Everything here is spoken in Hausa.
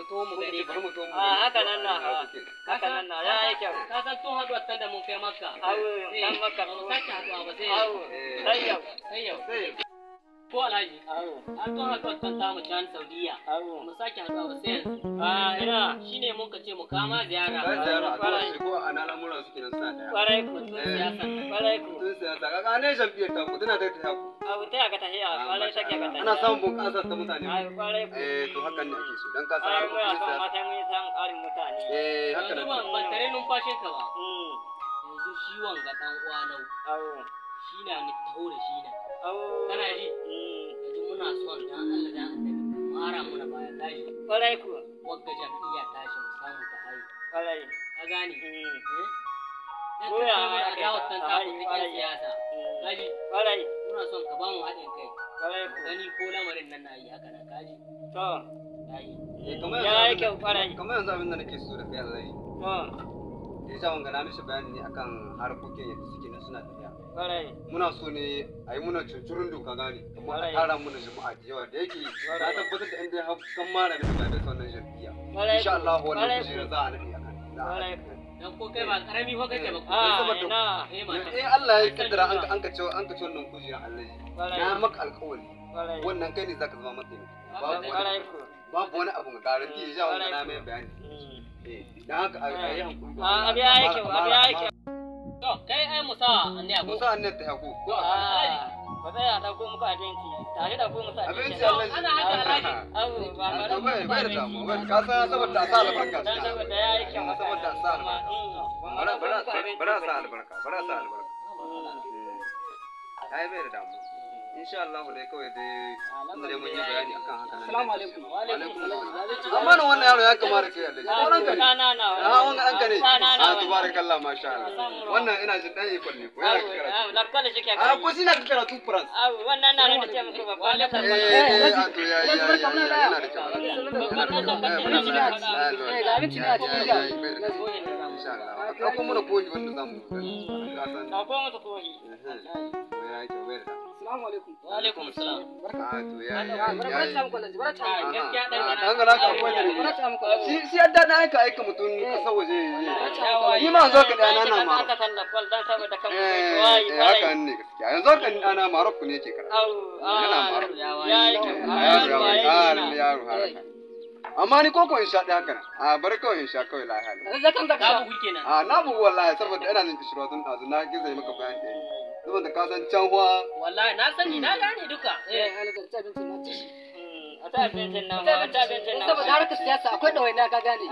mu to mu bari mu to mu ah, haka nan na haka nan na ya ka san tun ta da mun kai makka eh. makka yau sai yau sai yau ko alhaji an zo haɗuwar kan tamu can saudiya mu sake haɗuwa a sai yanzu a ah, ina shine mun ka ce mu kama ziyara ba ziyara a ko a nan lamuran su kenan suna daya kwarai ku tun eh. siyasa kwarai ku tun siyasa ka ga ne ta ku tana ah, da ta ku abu ta ka tahiya ah, kwarai ka tahiya ana samun bunƙasar ta mutane ai kwarai ku eh to hakan ne ake so dan ka samu ku siyasa ai matan mun san ƙarin mutane eh hakan ne ban tare numfashin ka ba hmm. yanzu ciwon ga dan uwa nau shi na ni taho da shi na kana ji muna son dan Allah kwarai kuwa jam'iyya ta kwarai ka gane eh. Eh? ka ta siyasa eh. kwarai muna son ka ba mu haɗin kai kwarai gani ko lamarin nan na yi haka kaji to ya yi kyau kwarai kamar yanzu abin da nake so da kai to na mishi bayani ne akan harkokin yadda suke na suna tafiya muna so ne a yi muna cincirin doka gani kuma a tara muna jama'a da yawa da yake na tabbatar da inda ya kan mara da dasa wannan jam'iyya insha Allah ko kai ba karami a eh. eh, Allah ya kaddara an abu ga garanti mm. eh, yi kai ai musa ne ko musa ne ta ko ko ba zai ya dauko muku abinci tare da ko musa abinci ana haka alaji abu ba ba da ba ba da mu ba ka san saboda sa albarka dan saboda yayi kyau saboda mm. sa albarka bara bara bara sa albarka bara sa albarka ai bai da mu insha Allah dai kawai dai dai mun yi bayani akan haka nan assalamu alaikum wa alaikum assalam amma wannan yaro ya kamata kai ah, Allah wannan ka na na na wannan an kare ah tabarakallah masha Allah wannan ina jin dan ikon ne ko yana karatu larkwala a a cikin ja insha Allah Assalamu in sha ɗaya haka a ah, bari kawai sha kawai Zakan zaka. Na bugu kenan. A ah, na bugu wallahi saboda ina jin kishirwa tun ɗazu na gizo maka bayan ɗaya. saboda ka san can fa wallahi na sani na gane duka eh algar ta bincin na ci hmm, a ta bincin nan ma ta bincin nan saboda harkar siyasa akwai n'a ka gane